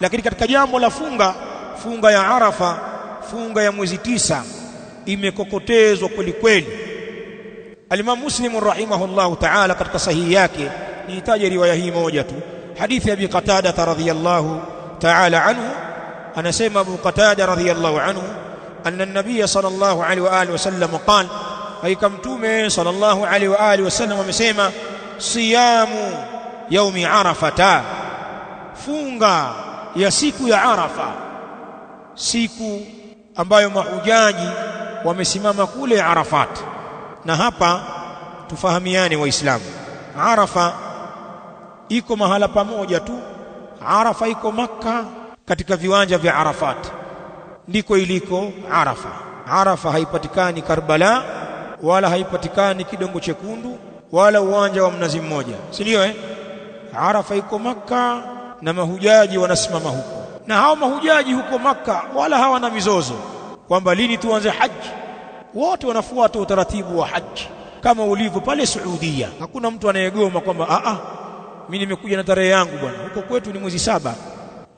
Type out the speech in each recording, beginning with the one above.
lakini katika jambo la funga funga ya Arafa funga ya mwezi tisa imekokotezwa kweli kweli Al-Imam Muslim rahimahullahu ta'ala katika sahihi yake nihitaje riwaya hii moja tu hadithi ya Abi Qatada radhiyallahu ta'ala anhu anasema Abu Qatada radhiyallahu anhu anna an-nabiy sallallahu alaihi wa alihi wasallam qala hakika mtume sallallahu alaihi wa alihi wasallam amesema siyamu yaumi arafata funga ya siku ya Arafa, siku ambayo mahujaji wamesimama kule Arafat. Na hapa tufahamiane, Waislamu, Arafa iko mahala pamoja tu. Arafa iko Makka, katika viwanja vya Arafat ndiko iliko Arafa. Arafa haipatikani Karbala, wala haipatikani Kidongo Chekundu, wala uwanja wa Mnazi Mmoja, si ndio eh? Arafa iko Makka na mahujaji wanasimama huko, na hao mahujaji huko Makka wala hawana mizozo kwamba lini tuanze haji. Wote wanafuata utaratibu wa haji kama ulivyo pale Saudia. Hakuna mtu anayegoma kwamba a ah, a, ah, mimi nimekuja na tarehe yangu bwana, huko kwetu ni mwezi saba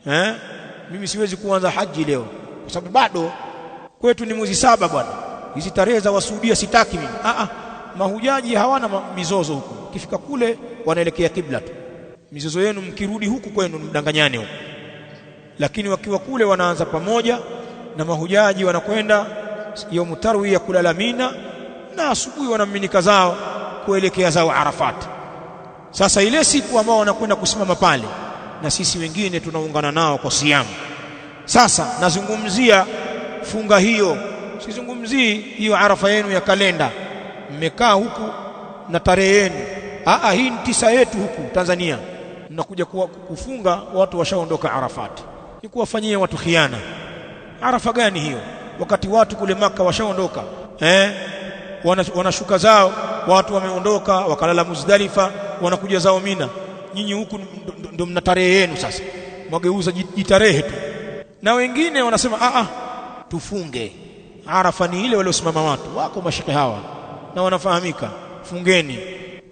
eh, mimi siwezi kuanza haji leo kwa sababu bado kwetu ni mwezi saba bwana, hizi tarehe za Wasuudia sitaki mimi. A ah, a, mahujaji hawana mizozo huko, kifika kule wanaelekea kibla tu mizozo yenu mkirudi huku kwenu mdanganyane huko, lakini wakiwa kule wanaanza pamoja na mahujaji wanakwenda yaumu tarwiya kulala Mina, na asubuhi wanaminika zao kuelekea zao Arafat. Sasa ile siku ambao wanakwenda kusimama pale, na sisi wengine tunaungana nao kwa siamu. Sasa nazungumzia funga hiyo, sizungumzii hiyo arafa yenu ya kalenda, mmekaa huku na tarehe yenu. Aa, hii ni tisa yetu huku Tanzania na kuja kufunga watu washaondoka Arafati, ni kuwafanyia watu khiana. Arafa gani hiyo, wakati watu kule Maka washaondoka eh? Wanashuka zao watu wameondoka, wakalala Muzdalifa, wanakuja zao Mina. Nyinyi huku ndo mna tarehe yenu, sasa mwageuza jitarehe tu. Na wengine wanasema a ah, a, ah, tufunge Arafa. Ni ile waliosimama watu wako mashike hawa na wanafahamika, fungeni,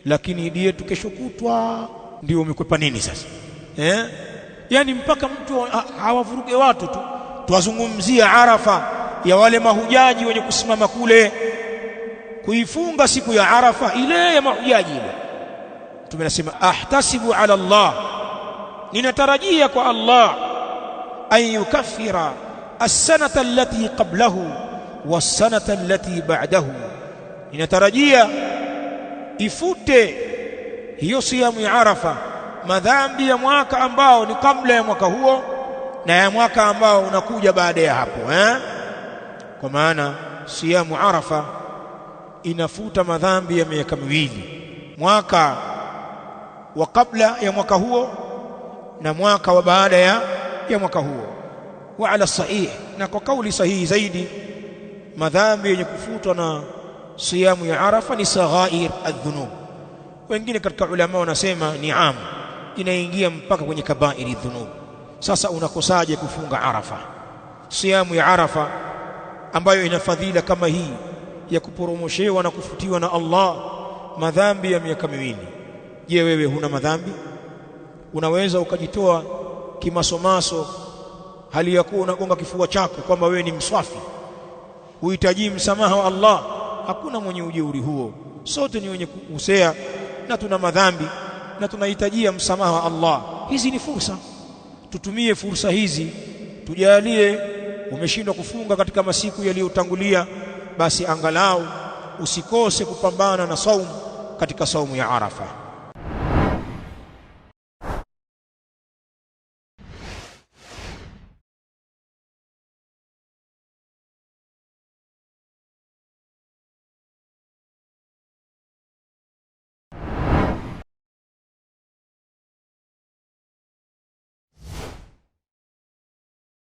lakini idi yetu kesho kutwa ndio umekwepa nini sasa eh? Yani mpaka mtu hawavuruge watu tu, twazungumzia Arafa ya wale mahujaji wenye kusimama kule kuifunga siku ya Arafa ile ya mahujaji ile. Mtume anasema ahtasibu ala Allah, ninatarajia kwa Allah, an yukaffira alsanata allati qablahu wassanata allati ba'dahu, ninatarajia ifute hiyo siamu ya Arafa, madhambi ya mwaka ambao ni kabla ya mwaka huo na ya mwaka ambao unakuja baada ya hapo eh? Kwa maana siamu Arafa inafuta madhambi ya miaka miwili, mwaka wa kabla ya mwaka huo na mwaka wa baada ya, ya mwaka huo. Wa ala sahih, na kwa kauli sahihi zaidi madhambi yenye kufutwa na siamu ya Arafa ni saghair adhunub wengine katika ulama wanasema ni am inaingia mpaka kwenye kabairi dhunub sasa unakosaje kufunga arafa siamu ya arafa ambayo ina fadhila kama hii ya kuporomoshewa na kufutiwa na Allah madhambi ya miaka miwili je wewe huna madhambi unaweza ukajitoa kimasomaso hali ya kuwa unagonga kifua chako kwamba wewe ni mswafi uhitaji msamaha wa Allah hakuna mwenye ujeuri huo sote ni wenye kukosea na tuna madhambi na tunahitajia msamaha wa Allah. Hizi ni fursa, tutumie fursa hizi. Tujalie umeshindwa kufunga katika masiku yaliyotangulia, basi angalau usikose kupambana na saumu katika saumu ya Arafa.